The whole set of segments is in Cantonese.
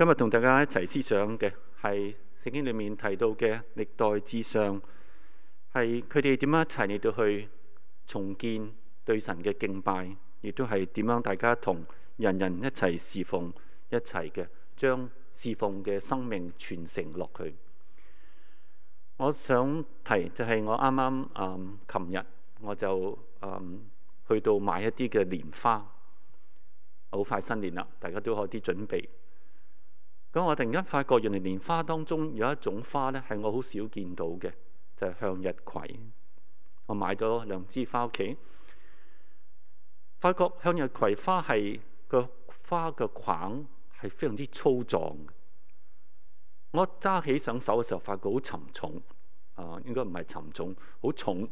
今日同大家一齊思想嘅係聖經裡面提到嘅歷代志上，係佢哋點樣一齊嚟到去重建對神嘅敬拜，亦都係點樣大家同人人一齊侍奉一齊嘅，將侍奉嘅生命傳承落去。我想提就係我啱啱嗯，琴日我就、嗯、去到買一啲嘅蓮花，好快新年啦，大家都可啲準備。咁我突然間發覺，原來蓮花當中有一種花咧，係我好少見到嘅，就係、是、向日葵。我買咗兩支返屋企，發覺向日葵花係個花嘅框係非常之粗壯嘅。我揸起上手嘅時候，發覺好沉重啊！應該唔係沉重，好、呃、重，重，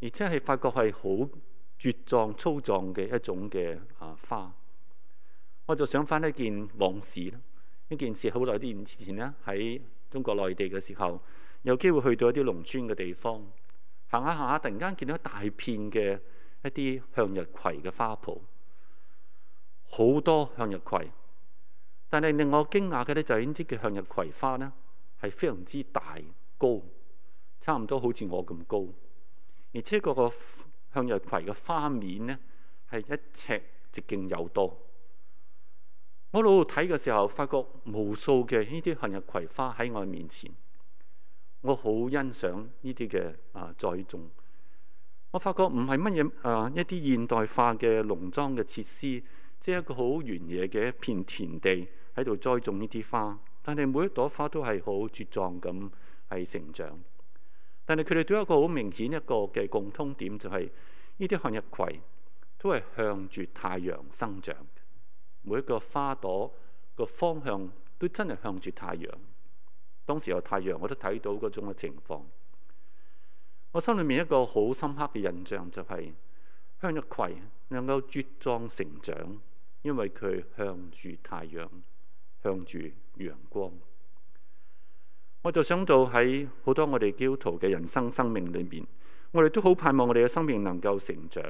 而且係發覺係好茁壯粗壯嘅一種嘅啊花。我就想返一件往事啦。呢件事好耐啲年之前咧，喺中國內地嘅時候，有機會去到一啲農村嘅地方，行下行下，突然間見到大片嘅一啲向日葵嘅花圃，好多向日葵。但係令我驚訝嘅咧，就係呢啲嘅向日葵花呢，係非常之大高，差唔多好似我咁高，而且個向日葵嘅花面呢，係一尺直徑有多。我老度睇嘅時候，發覺無數嘅呢啲向日葵花喺我面前，我好欣賞呢啲嘅啊栽種。我發覺唔係乜嘢啊一啲現代化嘅農莊嘅設施，即係一個好原野嘅一片田地喺度栽種呢啲花。但係每一朵花都係好茁壯咁係成長。但係佢哋都有一個好明顯一個嘅共通點，就係呢啲向日葵都係向住太陽生長。每一個花朵個方向都真係向住太陽。當時有太陽，我都睇到嗰種嘅情況。我心裏面一個好深刻嘅印象就係、是、向日葵能夠茁壯成長，因為佢向住太陽，向住陽光。我就想到喺好多我哋基督徒嘅人生生命裏面，我哋都好盼望我哋嘅生命能夠成長。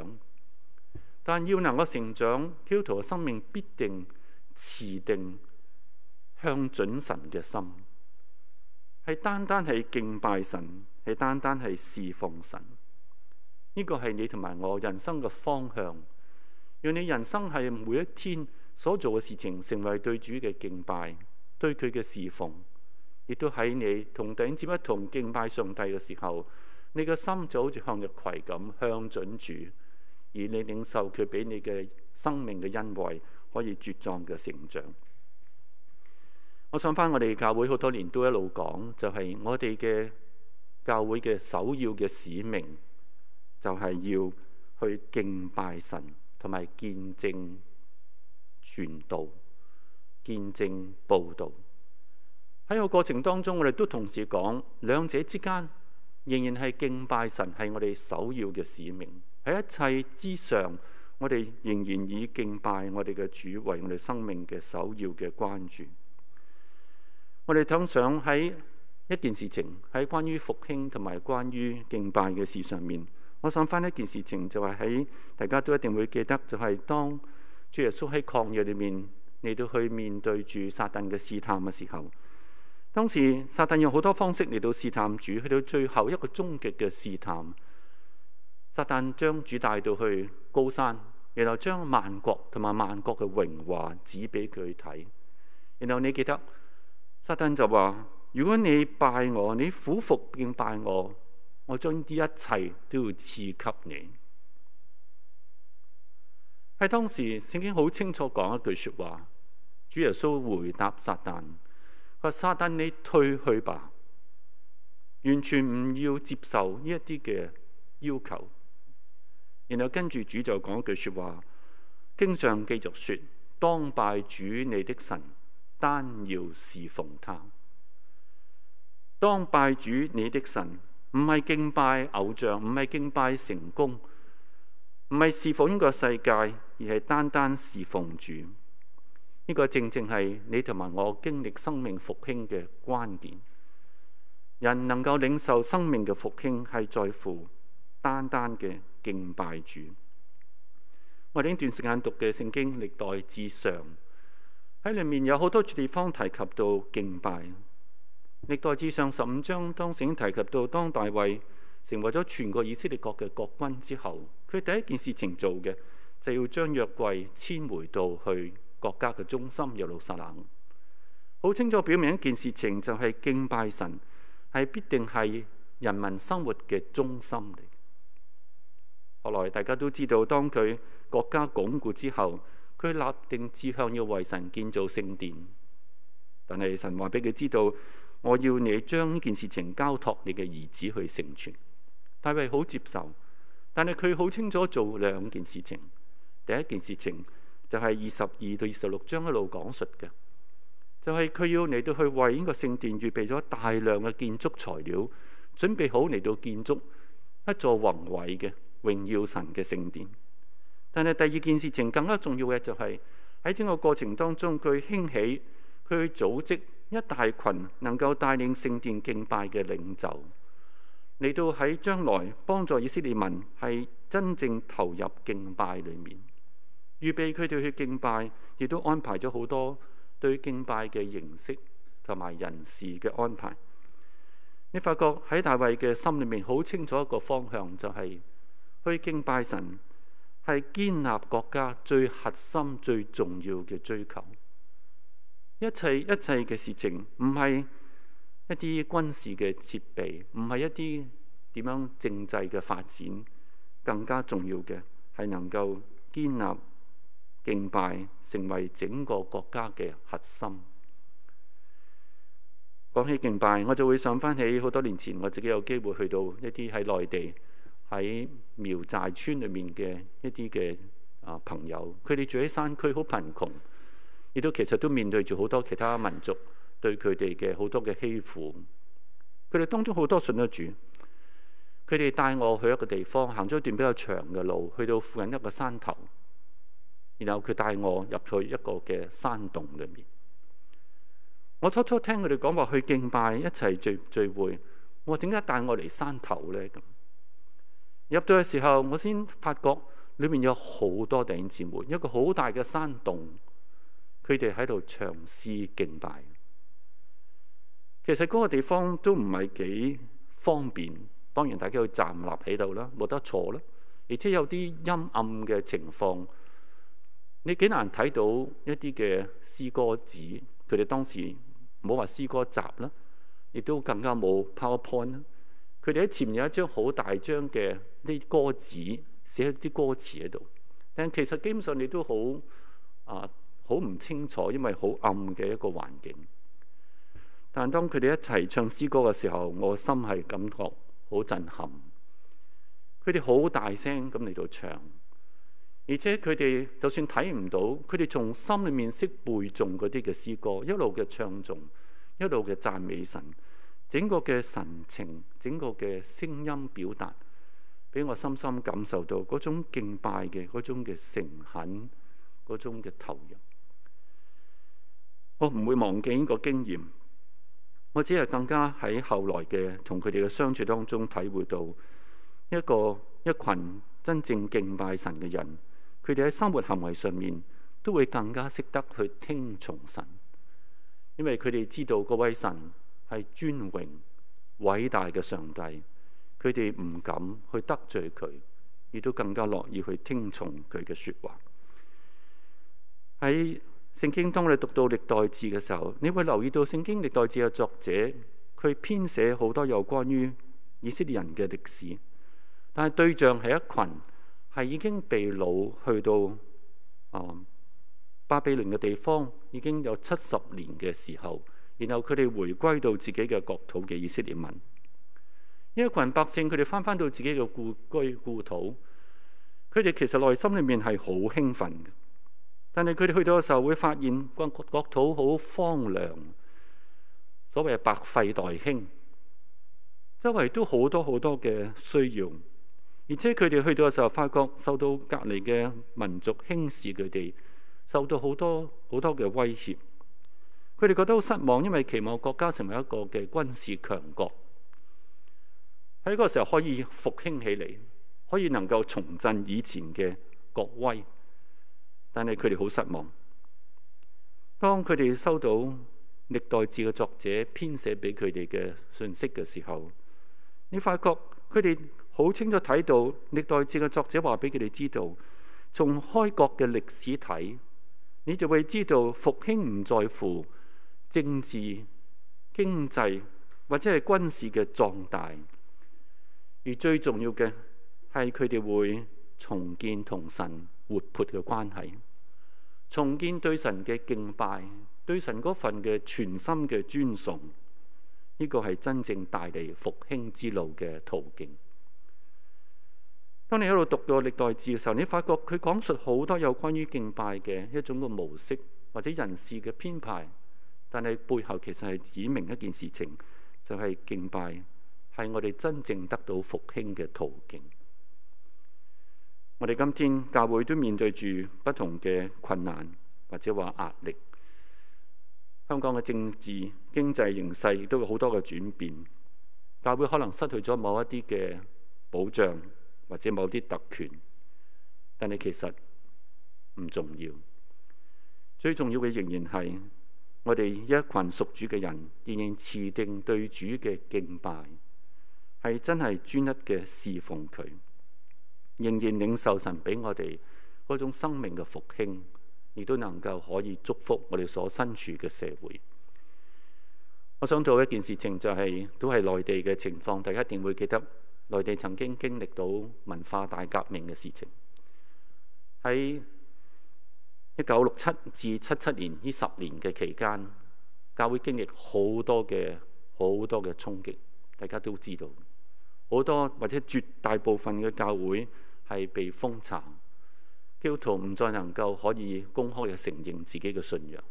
但要能夠成長，基督徒嘅生命必定持定向準神嘅心，係單單係敬拜神，係單單係侍奉神。呢、這個係你同埋我人生嘅方向。讓你人生係每一天所做嘅事情，成為對主嘅敬拜，對佢嘅侍奉，亦都喺你同頂尖一同敬拜上帝嘅時候，你嘅心就好似向日葵咁向準主。而你領受佢俾你嘅生命嘅恩惠，可以茁壯嘅成長。我想返我哋教會好多年都一路講，就係我哋嘅教會嘅首要嘅使命，就係要去敬拜神同埋見證傳道、見證報道。喺個過程當中，我哋都同時講兩者之間仍然係敬拜神係我哋首要嘅使命。喺一切之上，我哋仍然以敬拜我哋嘅主為我哋生命嘅首要嘅關注。我哋都想喺一件事情喺關於復興同埋關於敬拜嘅事上面，我想翻一件事情就係，喺大家都一定會記得就係、是、當主耶穌喺曠野裏面嚟到去面對住撒旦嘅試探嘅時候，當時撒旦用好多方式嚟到試探主，去到最後一個終極嘅試探。撒旦將主帶到去高山，然後將萬國同埋萬國嘅榮華指俾佢睇。然後你記得，撒旦就話，如果你拜我，你俯伏便拜我，我將啲一切都要賜給你。喺當時聖經好清楚講一句説話，主耶穌回答撒旦，佢話撒旦，你退去吧，完全唔要接受呢一啲嘅要求。然後跟住主就講一句說話，經上繼續說：當拜主你的神，單要侍奉他。當拜主你的神，唔係敬拜偶像，唔係敬拜成功，唔係侍奉呢個世界，而係單單侍奉主。呢個正正係你同埋我經歷生命復興嘅關鍵。人能夠領受生命嘅復興，係在乎單單嘅。敬拜主，我哋呢段時間讀嘅聖經，歷代志上喺裏面有好多處地方提及到敬拜。歷代志上十五章當時已經提及到，當大衛成為咗全國以色列國嘅國君之後，佢第一件事情做嘅就要將約櫃遷回到去國家嘅中心耶路撒冷。好清楚表明一件事情，就係敬拜神係必定係人民生活嘅中心後來大家都知道，當佢國家鞏固之後，佢立定志向要為神建造聖殿。但係神話俾佢知道，我要你將呢件事情交託你嘅兒子去成全。大衛好接受，但係佢好清楚做兩件事情。第一件事情就係二十二到二十六章一路講述嘅，就係、是、佢要嚟到去為呢個聖殿預備咗大量嘅建築材料，準備好嚟到建築一座宏偉嘅。榮耀神嘅聖殿，但係第二件事情更加重要嘅就係喺整個過程當中，佢興起佢去組織一大群能夠帶領聖殿敬拜嘅領袖，嚟到喺將來幫助以色列民係真正投入敬拜裏面，預備佢哋去敬拜，亦都安排咗好多對敬拜嘅形式同埋人事嘅安排。你發覺喺大衛嘅心裏面好清楚一個方向，就係、是。去敬拜神係建立國家最核心、最重要嘅追求。一切一切嘅事情，唔係一啲軍事嘅設備，唔係一啲點樣政制嘅發展，更加重要嘅係能夠建立敬拜，成為整個國家嘅核心。講起敬拜，我就會想翻起好多年前我自己有機會去到一啲喺內地。喺苗寨村裏面嘅一啲嘅、啊、朋友，佢哋住喺山區，好貧窮，亦都其實都面對住好多其他民族對佢哋嘅好多嘅欺負。佢哋當中好多信咗主，佢哋帶我去一個地方，行咗一段比較長嘅路，去到附近一個山頭，然後佢帶我入去一個嘅山洞裏面。我初初聽佢哋講話去敬拜，一齊聚聚會，我話點解帶我嚟山頭呢？入到嘅時候，我先發覺裏面有好多弟兄姊妹，一個好大嘅山洞，佢哋喺度唱詩敬拜。其實嗰個地方都唔係幾方便，當然大家要站立喺度啦，冇得坐啦，而且有啲陰暗嘅情況，你幾難睇到一啲嘅詩歌紙。佢哋當時冇話詩歌集啦，亦都更加冇 PowerPoint 啦。佢哋喺前面有一張好大張嘅，啲歌詞寫一啲歌詞喺度，但其實基本上你都好啊，好唔清楚，因為好暗嘅一個環境。但當佢哋一齊唱詩歌嘅時候，我心係感覺好震撼。佢哋好大聲咁嚟到唱，而且佢哋就算睇唔到，佢哋從心裏面識背誦嗰啲嘅詩歌，一路嘅唱誦，一路嘅讚美神，整個嘅神情，整個嘅聲音表達，俾我深深感受到嗰種敬拜嘅嗰種嘅誠懇，嗰種嘅投入，我唔會忘記呢個經驗。我只係更加喺後來嘅同佢哋嘅相處當中，體會到一個一群真正敬拜神嘅人，佢哋喺生活行為上面都會更加識得去聽從神，因為佢哋知道嗰位神係尊榮偉大嘅上帝。佢哋唔敢去得罪佢，亦都更加樂意去聽從佢嘅說話。喺聖經，當我哋讀到歷代志嘅時候，你會留意到聖經歷代志嘅作者，佢編寫好多有關於以色列人嘅歷史，但係對象係一群係已經被擄去到，嗯、巴比倫嘅地方，已經有七十年嘅時候，然後佢哋回歸到自己嘅國土嘅以色列民。呢一群百姓，佢哋返返到自己嘅故居故土，佢哋其實內心裏面係好興奮嘅。但係佢哋去到嘅時候，會發現國國土好荒涼，所謂是百廢待興，周圍都好多好多嘅需要。而且佢哋去到嘅時候，發覺受到隔籬嘅民族輕視佢哋，受到好多好多嘅威脅。佢哋覺得好失望，因為期望國家成為一個嘅軍事強國。喺嗰個時候可以復興起嚟，可以能夠重振以前嘅國威，但係佢哋好失望。當佢哋收到歷代志嘅作者編寫俾佢哋嘅信息嘅時候，你發覺佢哋好清楚睇到歷代志嘅作者話俾佢哋知道，從開國嘅歷史睇，你就會知道復興唔在乎政治、經濟或者係軍事嘅壯大。而最重要嘅係佢哋會重建同神活潑嘅關係，重建對神嘅敬拜，對神嗰份嘅全心嘅尊崇，呢個係真正帶嚟復興之路嘅途徑。當你喺度讀到歷代志嘅時候，你發覺佢講述好多有關於敬拜嘅一種嘅模式或者人事嘅編排，但係背後其實係指明一件事情，就係敬拜。係我哋真正得到復興嘅途徑。我哋今天教會都面對住不同嘅困難或者話壓力。香港嘅政治經濟形勢都有好多嘅轉變，教會可能失去咗某一啲嘅保障或者某啲特權，但係其實唔重要。最重要嘅仍然係我哋一群屬主嘅人，仍然持定對主嘅敬拜。係真係專一嘅侍奉佢，仍然領受神俾我哋嗰種生命嘅復興，亦都能夠可以祝福我哋所身處嘅社會。我想做一件事情，就係，就係都係內地嘅情況，大家一定會記得內地曾經經歷到文化大革命嘅事情。喺一九六七至七七年呢十年嘅期間，教會經歷好多嘅好多嘅衝擊，大家都知道。好多或者絕大部分嘅教會係被封殺，教徒唔再能夠可以公開嘅承認自己嘅信仰。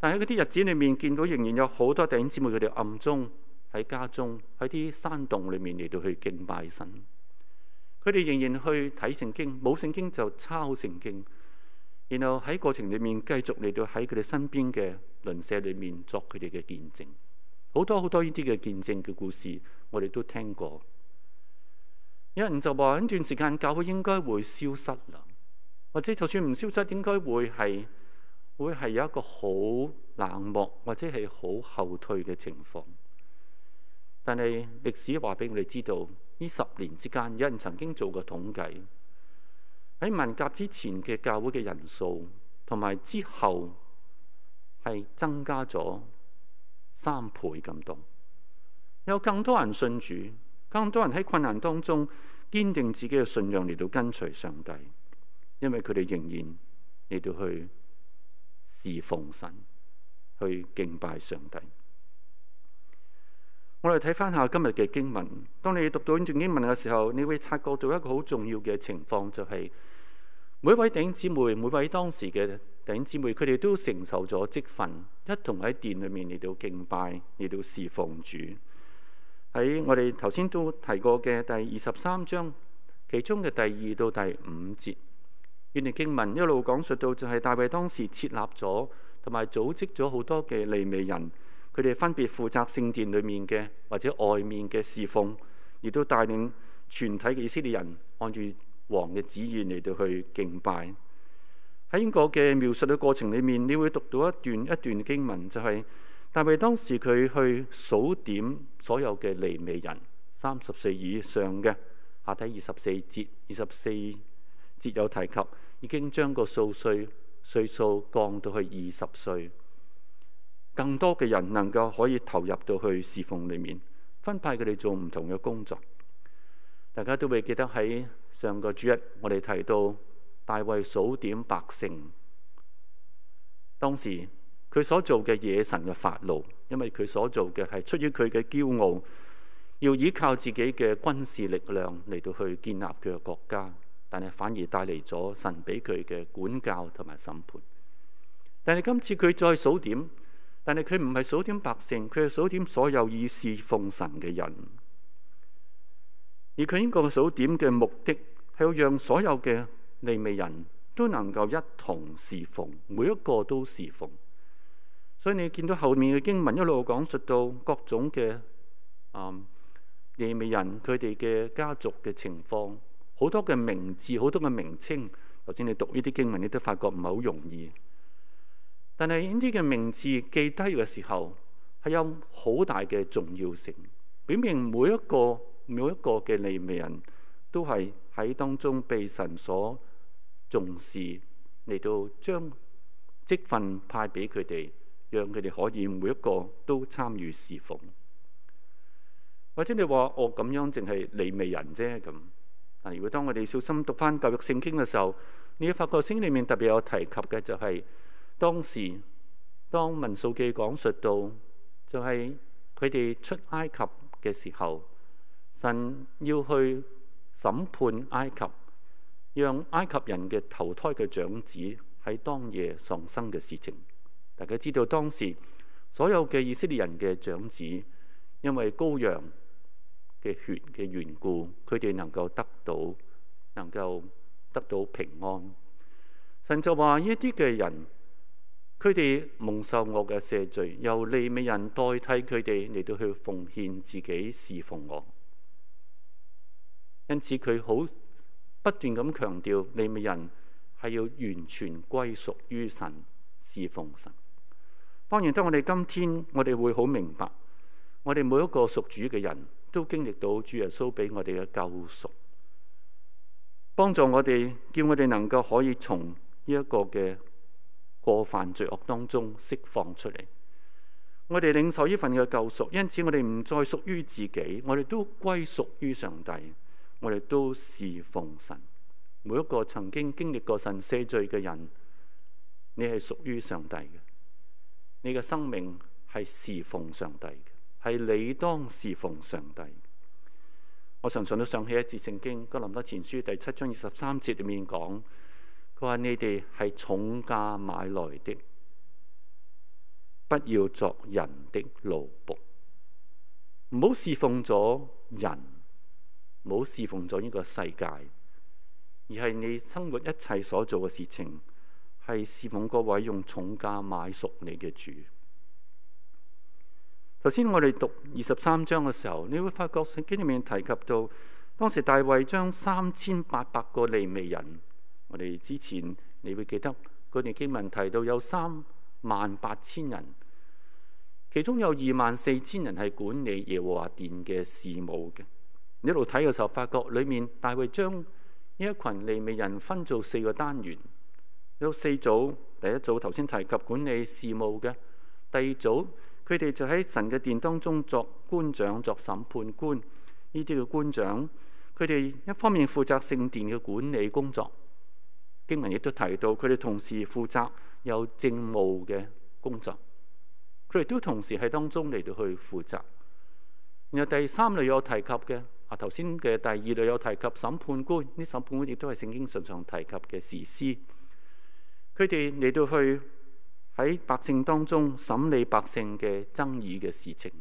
但喺嗰啲日子裏面，見到仍然有好多弟兄姊妹佢哋暗中喺家中喺啲山洞裏面嚟到去敬拜神，佢哋仍然去睇聖經，冇聖經就抄聖經，然後喺過程裏面繼續嚟到喺佢哋身邊嘅鄰舍裏面作佢哋嘅見證。好多好多呢啲嘅見證嘅故事，我哋都聽過。有人就話：呢段時間教會應該會消失啦，或者就算唔消失，應該會係會係有一個好冷漠或者係好後退嘅情況。但係歷史話俾我哋知道，呢十年之間，有人曾經做過統計，喺文革之前嘅教會嘅人數，同埋之後係增加咗。三倍咁多，有更多人信主，更多人喺困難當中堅定自己嘅信仰嚟到跟隨上帝，因為佢哋仍然嚟到去侍奉神，去敬拜上帝。我哋睇翻下今日嘅經文，當你讀到呢段經文嘅時候，你會察覺到一個好重要嘅情況，就係、是、每位弟兄姊妹，每位當時嘅。弟兄姊妹，佢哋都承受咗職份，一同喺殿裏面嚟到敬拜，嚟到侍奉主。喺我哋頭先都提過嘅第二十三章，其中嘅第二到第五節，原來經文一路講述到就係大衛當時設立咗同埋組織咗好多嘅利未人，佢哋分別負責聖殿裏面嘅或者外面嘅侍奉，亦都帶領全體嘅以色列人按住王嘅旨意嚟到去敬拜。喺英國嘅描述嘅過程裏面，你會讀到一段一段經文，就係、是、但係當時佢去數點所有嘅利未人三十歲以上嘅，下底二十四節，二十四節有提及已經將個數歲歲數降到去二十歲，更多嘅人能夠可以投入到去侍奉裏面，分派佢哋做唔同嘅工作。大家都會記得喺上個主日我哋提到。大衛數點百姓，當時佢所做嘅惹神嘅法怒，因為佢所做嘅係出於佢嘅驕傲，要依靠自己嘅軍事力量嚟到去建立佢嘅國家，但係反而帶嚟咗神俾佢嘅管教同埋審判。但係今次佢再數點，但係佢唔係數點百姓，佢係數點所有以事奉神嘅人，而佢呢個數點嘅目的係要讓所有嘅。利未人都能夠一同侍奉，每一個都侍奉。所以你見到後面嘅經文一路講述到各種嘅、嗯、利未人佢哋嘅家族嘅情況，好多嘅名字，好多嘅名稱。頭先你讀呢啲經文，你都發覺唔係好容易。但係呢啲嘅名字記低嘅時候，係有好大嘅重要性，表明每一個每一個嘅利未人都係喺當中被神所重視嚟到將職份派俾佢哋，讓佢哋可以每一個都參與事奉。或者你話我咁樣淨係利未人啫咁。但如果當我哋小心讀翻舊約聖經嘅時候，你要發覺聖經裏面特別有提及嘅就係當時當民數記講述到就係佢哋出埃及嘅時候，神要去審判埃及。讓埃及人嘅頭胎嘅長子喺當夜喪生嘅事情，大家知道當時所有嘅以色列人嘅長子，因為羔羊嘅血嘅緣故，佢哋能夠得到能夠得到平安。神就話呢啲嘅人，佢哋蒙受我嘅赦罪，由利未人代替佢哋嚟到去奉獻自己侍奉我。因此佢好。不斷咁強調，你咪人係要完全歸屬於神，事奉神。當然，得我哋今天，我哋會好明白，我哋每一個屬主嘅人都經歷到主耶穌俾我哋嘅救贖，幫助我哋，叫我哋能夠可以從呢一個嘅過犯罪惡當中釋放出嚟。我哋領受呢份嘅救贖，因此我哋唔再屬於自己，我哋都歸屬於上帝。我哋都侍奉神，每一個曾經經歷過神赦罪嘅人，你係屬於上帝嘅，你嘅生命係侍奉上帝嘅，係你當侍奉上帝。我常常都想起一節聖經，《哥林多前書》第七章二十三節裏面講：佢話你哋係重價買來的，不要作人的奴僕，唔好侍奉咗人。冇侍奉咗呢個世界，而係你生活一切所做嘅事情，係侍奉嗰位用重價買贖你嘅主。頭先我哋讀二十三章嘅時候，你會發覺聖經裏面提及到，當時大衛將三千八百個利未人，我哋之前你會記得嗰段經文提到有三萬八千人，其中有二萬四千人係管理耶和華殿嘅事務嘅。一路睇嘅時候，發覺裡面大衛將呢一群利未人分做四個單元，有四組。第一組頭先提及管理事務嘅，第二組佢哋就喺神嘅殿當中作官長、作審判官。呢啲叫官長。佢哋一方面負責聖殿嘅管理工作，經文亦都提到佢哋同時負責有政務嘅工作。佢哋都同時喺當中嚟到去負責。然後第三類有提及嘅。啊，頭先嘅第二類有提及審判官，呢審判官亦都係聖經常常提及嘅士師，佢哋嚟到去喺百姓當中審理百姓嘅爭議嘅事情，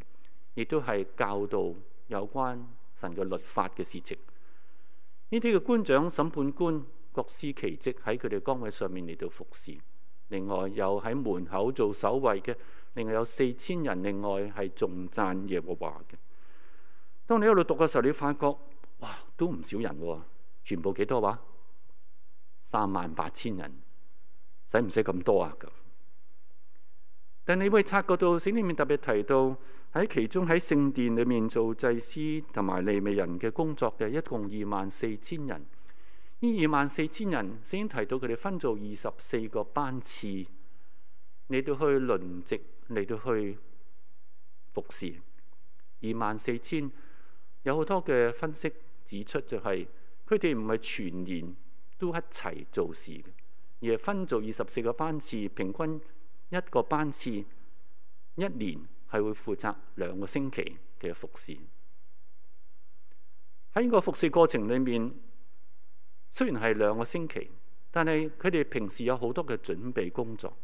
亦都係教導有關神嘅律法嘅事情。呢啲嘅官長、審判官各司其職喺佢哋崗位上面嚟到服侍。另外又喺門口做守衞嘅，另外有四千人，另外係重讚耶和華嘅。當你喺度讀嘅時候，你發覺哇，都唔少人喎，啊，全部幾多話、啊？三萬八千人，使唔使咁多啊？咁，但你會察覺到聖經面特別提到喺其中喺聖殿裏面做祭司同埋利未人嘅工作嘅，一共二萬四千人。呢二萬四千人，聖經提到佢哋分做二十四個班次，你到去輪值，嚟到去服侍二萬四千。有好多嘅分析指出、就是，就係佢哋唔係全年都一齊做事嘅，而係分做二十四個班次，平均一個班次一年係會負責兩個星期嘅服侍。喺呢個服侍過程裏面，雖然係兩個星期，但係佢哋平時有好多嘅準備工作，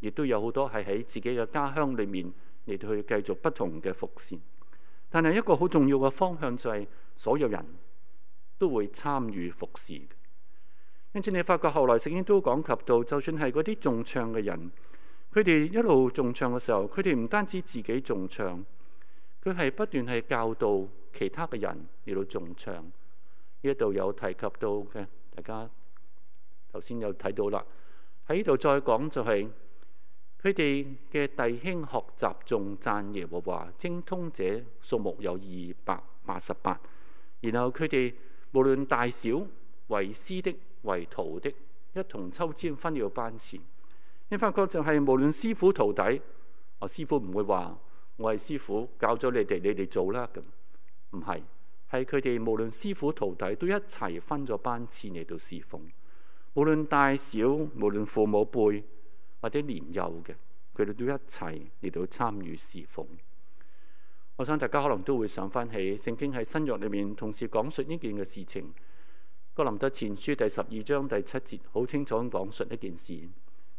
亦都有好多係喺自己嘅家鄉裏面嚟到去繼續不同嘅服侍。但係一個好重要嘅方向就係所有人都會參與服侍。因此你發覺後來聖經都講及到，就算係嗰啲重唱嘅人，佢哋一路重唱嘅時候，佢哋唔單止自己重唱，佢係不斷係教導其他嘅人嚟到重唱。呢一度有提及到嘅，大家頭先有睇到啦。喺呢度再講就係、是。佢哋嘅弟兄學習眾讚耶和華精通者數目有二百八十八。然後佢哋無論大小，為師的為徒的，一同抽籤分了班次。你發覺就係無論師傅徒弟，啊、哦、師傅唔會話我係師傅教咗你哋，你哋做啦咁，唔係係佢哋無論師傅徒弟都一齊分咗班次嚟到侍奉。無論大小，無論父母輩。或者年幼嘅，佢哋都一齊嚟到參與侍奉。我想大家可能都會想翻起聖經喺新約裏面同時講述呢件嘅事情。哥林多前書第十二章第七節好清楚講述呢件事。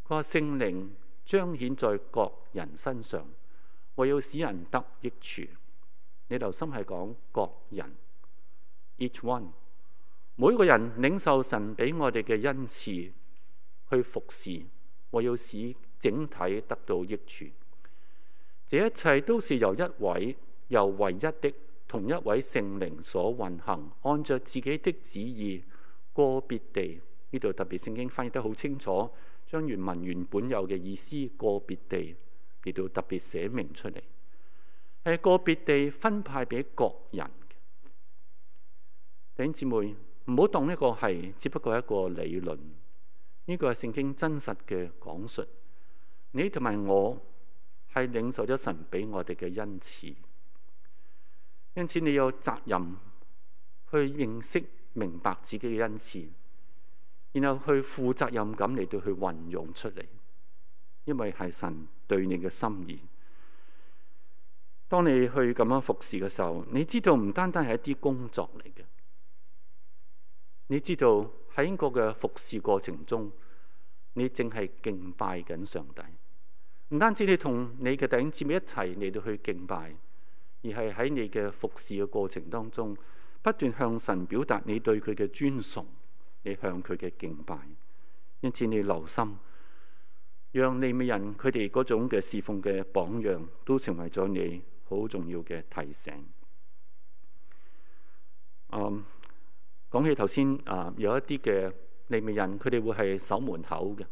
佢話聖靈彰顯在各人身上，為要使人得益處。你留心係講各人，Each one，每個人領受神俾我哋嘅恩賜去服侍。我要使整體得到益處，這一切都是由一位、由唯一的同一位聖靈所運行，按照自己的旨意，個別地。呢度特別聖經翻譯得好清楚，將原文原本有嘅意思個別地亦都特別寫明出嚟，係個別地分派俾各人嘅。弟兄姊妹唔好當呢個係只不過一個理論。呢個係聖經真實嘅講述，你同埋我係領受咗神俾我哋嘅恩賜，因此你有責任去認識、明白自己嘅恩賜，然後去負責任咁嚟到去運用出嚟，因為係神對你嘅心意。當你去咁樣服侍嘅時候，你知道唔單單係一啲工作嚟嘅，你知道。喺英國嘅服侍過程中，你正係敬拜緊上帝，唔單止你，你同你嘅弟兄姊妹一齊嚟到去敬拜，而係喺你嘅服侍嘅過程當中，不斷向神表達你對佢嘅尊崇，你向佢嘅敬拜，因此你留心讓利，讓利未人佢哋嗰種嘅侍奉嘅榜樣，都成為咗你好重要嘅提醒。Um, 講起頭先啊，有一啲嘅利未人，佢哋會係守門口嘅。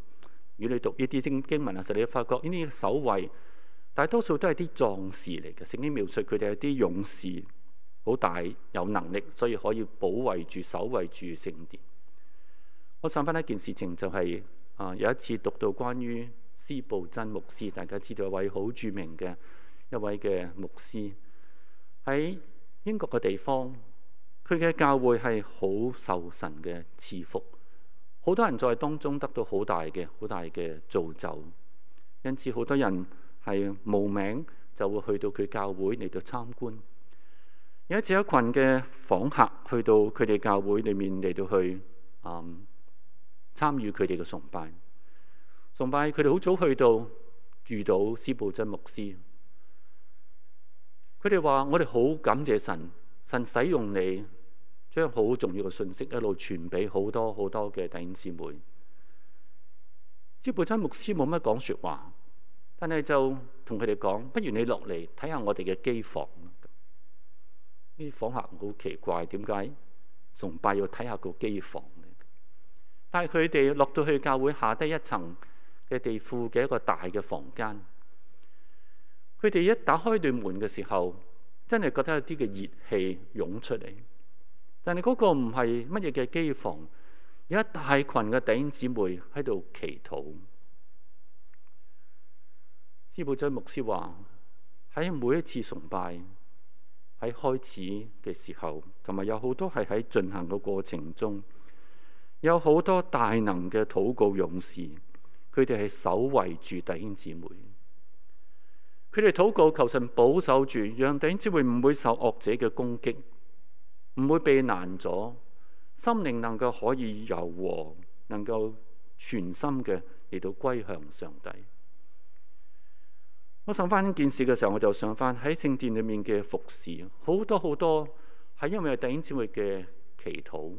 如果你讀呢啲經經文啊，就你發覺呢啲守衞大多數都係啲壯士嚟嘅。聖經描述佢哋係啲勇士，好大有能力，所以可以保衞住守衞住聖殿。我想翻一件事情，就是，就係啊，有一次讀到關於司布真牧師，大家知道一位好著名嘅一位嘅牧師喺英國嘅地方。佢嘅教會係好受神嘅賜福，好多人在當中得到好大嘅，好大嘅造就，因此好多人係慕名就會去到佢教會嚟到參觀。有一次，一群嘅訪客去到佢哋教會裏面嚟到去，嗯，參與佢哋嘅崇拜。崇拜佢哋好早去到，遇到司布真牧師。佢哋話：我哋好感謝神，神使用你。將好重要嘅信息一路傳俾好多好多嘅弟兄姊妹。約伯親牧師冇乜講說話，但係就同佢哋講：不如你落嚟睇下看看我哋嘅機房。呢房客好奇怪，點解崇拜要睇下個機房？但係佢哋落到去教會下低一層嘅地庫嘅一個大嘅房間，佢哋一打開對門嘅時候，真係覺得有啲嘅熱氣湧出嚟。但係嗰個唔係乜嘢嘅機房，有一大群嘅弟兄姊妹喺度祈禱。司布真牧師話：喺每一次崇拜，喺開始嘅時候，同埋有好多係喺進行嘅過程中，有好多大能嘅禱告勇士，佢哋係守衛住弟兄姊妹。佢哋禱告求神保守住，讓弟兄姊妹唔會受惡者嘅攻擊。唔會被難咗，心靈能夠可以柔和，能夠全心嘅嚟到歸向上帝。我想翻呢件事嘅時候，我就想翻喺聖殿裏面嘅服侍。好多好多係因為弟兄姊妹嘅祈禱，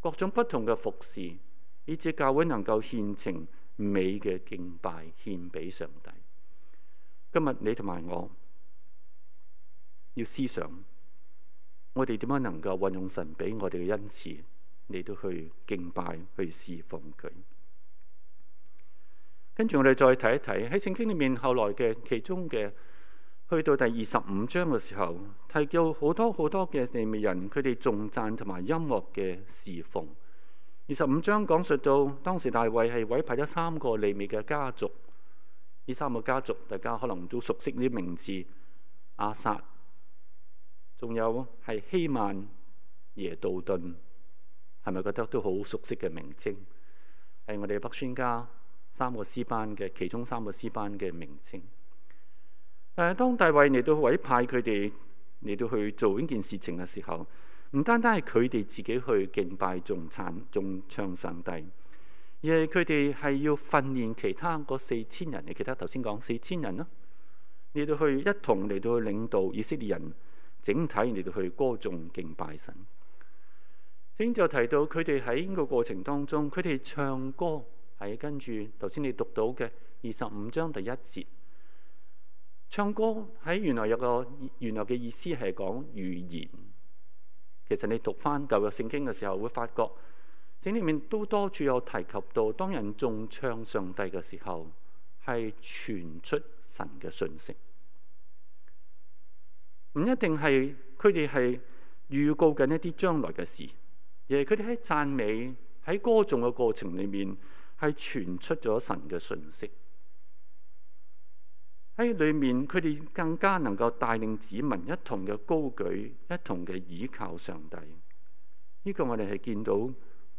各種不同嘅服侍，以至教會能夠獻呈美嘅敬拜獻俾上帝。今日你同埋我要思想。我哋點樣能夠運用神俾我哋嘅恩賜，你都去敬拜、去侍奉佢。跟住我哋再睇一睇喺聖經裏面後來嘅其中嘅，去到第二十五章嘅時候，提到好多好多嘅利未人，佢哋頌讚同埋音樂嘅侍奉。二十五章講述到當時大衛係委派咗三個利未嘅家族，呢三個家族大家可能都熟悉啲名字阿薩。仲有係希曼耶杜頓，係咪覺得都好熟悉嘅名稱？係我哋北宣家三個師班嘅其中三個師班嘅名稱。誒，當大衛嚟到委派佢哋嚟到去做呢件事情嘅時候，唔單單係佢哋自己去敬拜仲、仲參、仲唱上帝，而係佢哋係要訓練其他嗰四千人。你記得頭先講四千人啦，你到去一同嚟到去領導以色列人。整體嚟到去歌頌敬拜神。聖經就提到佢哋喺呢個過程當中，佢哋唱歌係跟住頭先你讀到嘅二十五章第一節。唱歌喺原來有個原來嘅意思係講預言。其實你讀翻舊嘅聖經嘅時候，會發覺聖經面都多處有提及到，當人眾唱上帝嘅時候，係傳出神嘅信息。唔一定係佢哋係預告緊一啲將來嘅事，而係佢哋喺讚美、喺歌頌嘅過程裏面，係傳出咗神嘅訊息。喺裏面，佢哋更加能夠帶領子民一同嘅高舉、一同嘅倚靠上帝。呢個我哋係見到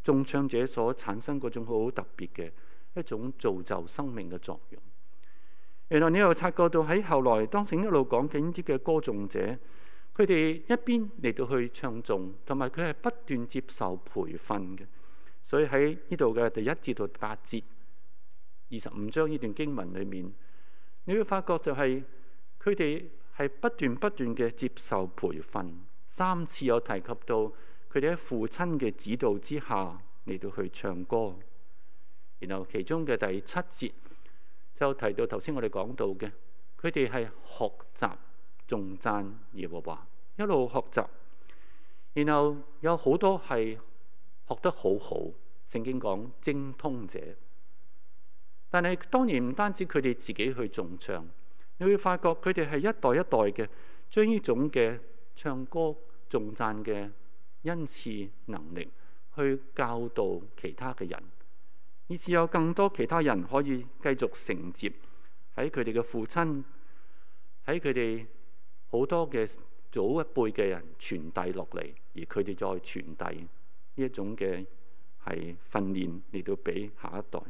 眾唱者所產生嗰種好特別嘅一種造就生命嘅作用。原來你又察覺到喺後來當成一路講緊啲嘅歌頌者，佢哋一邊嚟到去唱頌，同埋佢係不斷接受培訓嘅。所以喺呢度嘅第一節到八節，二十五章呢段經文裏面，你會發覺就係佢哋係不斷不斷嘅接受培訓。三次有提及到佢哋喺父親嘅指導之下嚟到去唱歌，然後其中嘅第七節。就提到頭先我哋講到嘅，佢哋係學習頌讚耶和華，一路學習，然後有好多係學得好好。聖經講精通者，但係當然唔單止佢哋自己去頌唱，你會發覺佢哋係一代一代嘅，將呢種嘅唱歌頌讚嘅恩賜能力，去教導其他嘅人。以至有更多其他人可以繼續承接喺佢哋嘅父親，喺佢哋好多嘅早一輩嘅人傳遞落嚟，而佢哋再傳遞呢一種嘅係訓練嚟到俾下一代。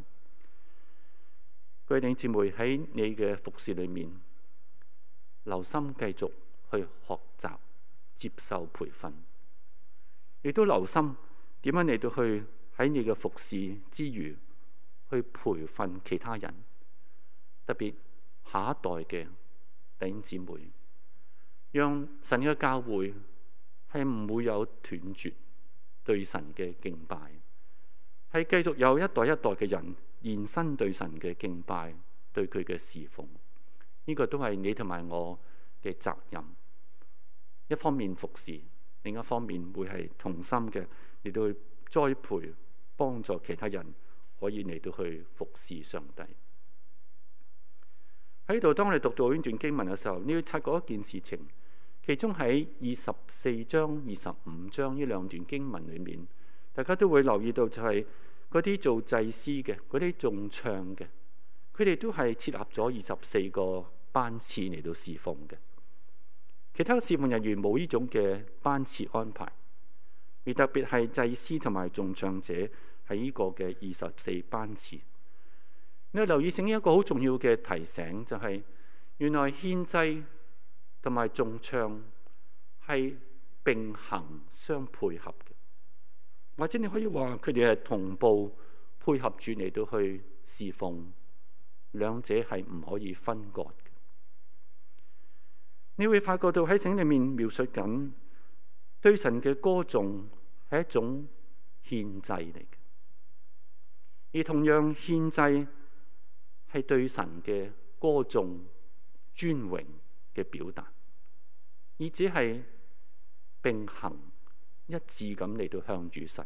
各位弟兄姊妹喺你嘅服侍裏面，留心繼續去學習、接受培訓，亦都留心點樣嚟到去喺你嘅服侍之餘。去培訓其他人，特別下一代嘅弟兄姊妹，讓神嘅教會係唔會有斷絕對神嘅敬拜，係繼續有一代一代嘅人現身對神嘅敬拜，對佢嘅侍奉。呢個都係你同埋我嘅責任。一方面服侍，另一方面會係同心嘅，亦都去栽培幫助其他人。可以嚟到去服侍上帝。喺度，當你讀到呢段經文嘅時候，你要察覺一件事情。其中喺二十四章、二十五章呢兩段經文裏面，大家都會留意到，就是，就係嗰啲做祭司嘅，嗰啲頌唱嘅，佢哋都係設立咗二十四個班次嚟到侍奉嘅。其他侍奉人員冇呢種嘅班次安排，而特別係祭司同埋頌唱者。喺呢個嘅二十四班次，你要留意醒一個好重要嘅提醒，就係、是、原來獻祭同埋眾唱係並行相配合嘅，或者你可以話佢哋係同步配合住嚟到去侍奉，兩者係唔可以分割嘅。你會發覺到喺聖經裏面描述緊對神嘅歌頌係一種獻祭嚟嘅。而同樣獻祭係對神嘅歌頌、尊榮嘅表達，而只係並行一致咁嚟到向主神。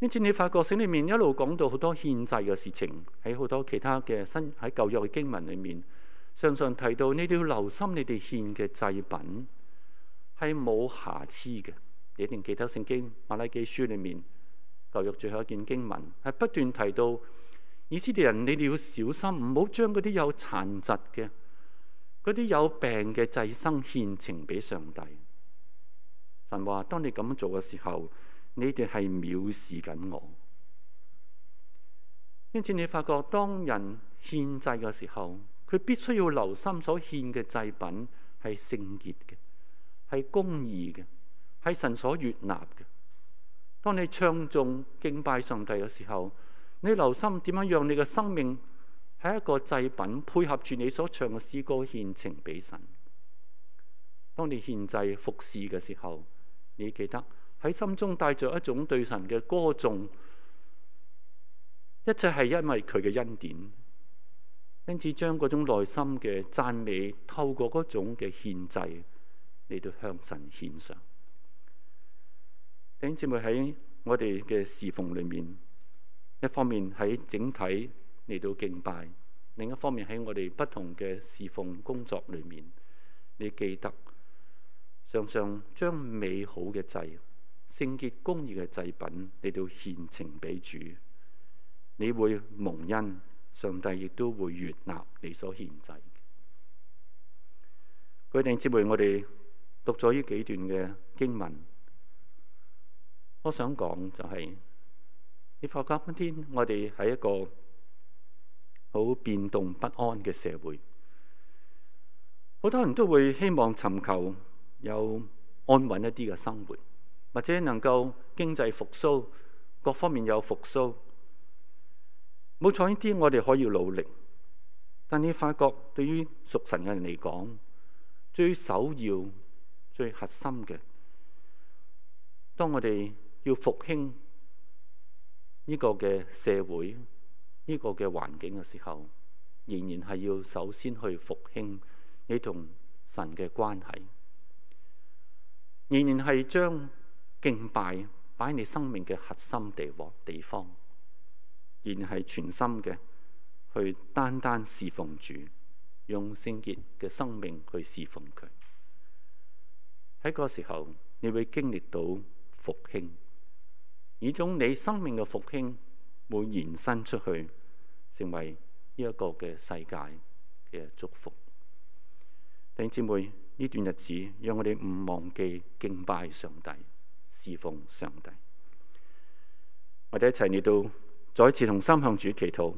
因此你發覺聖經裏面一路講到好多獻祭嘅事情，喺好多其他嘅新喺舊約嘅經文裏面，常常提到你都要留心你哋獻嘅祭品係冇瑕疵嘅。你一定記得聖經馬拉基書裏面。教約最後一件經文係不斷提到，以色列人，你哋要小心，唔好將嗰啲有殘疾嘅、嗰啲有病嘅祭牲獻呈俾上帝。神話：當你咁樣做嘅時候，你哋係藐視緊我。因此你發覺，當人獻祭嘅時候，佢必須要留心所獻嘅祭品係聖潔嘅、係公義嘅、係神所悅納嘅。當你唱頌敬拜上帝嘅時候，你留心點樣讓你嘅生命係一個祭品，配合住你所唱嘅詩歌獻情俾神。當你獻祭服侍嘅時候，你記得喺心中帶着一種對神嘅歌頌，一切係因為佢嘅恩典，因此將嗰種內心嘅讚美透過嗰種嘅獻祭嚟到向神獻上。弟兄姊妹喺我哋嘅侍奉裏面，一方面喺整體嚟到敬拜，另一方面喺我哋不同嘅侍奉工作裏面，你記得常常將美好嘅祭、聖潔公義嘅祭品嚟到獻呈俾主，你會蒙恩，上帝亦都會悦納你所獻祭。各位弟兄姊妹，我哋讀咗呢幾段嘅經文。我想講就係、是，你發覺今天我哋係一個好變動不安嘅社會，好多人都會希望尋求有安穩一啲嘅生活，或者能夠經濟復甦，各方面有復甦。冇錯，呢啲我哋可以努力，但你發覺對於屬神嘅人嚟講，最首要、最核心嘅，當我哋，要復興呢個嘅社會，呢個嘅環境嘅時候，仍然係要首先去復興你同神嘅關係，仍然係將敬拜擺喺你生命嘅核心地和地方，仍然係全心嘅去單單侍奉主，用聖潔嘅生命去侍奉佢。喺嗰時候，你會經歷到復興。以種你生命嘅復興會延伸出去，成為呢一個嘅世界嘅祝福。弟兄姊妹，呢段日子讓我哋唔忘記敬拜上帝、侍奉上帝，我哋一齊嚟到再次同心向主祈禱。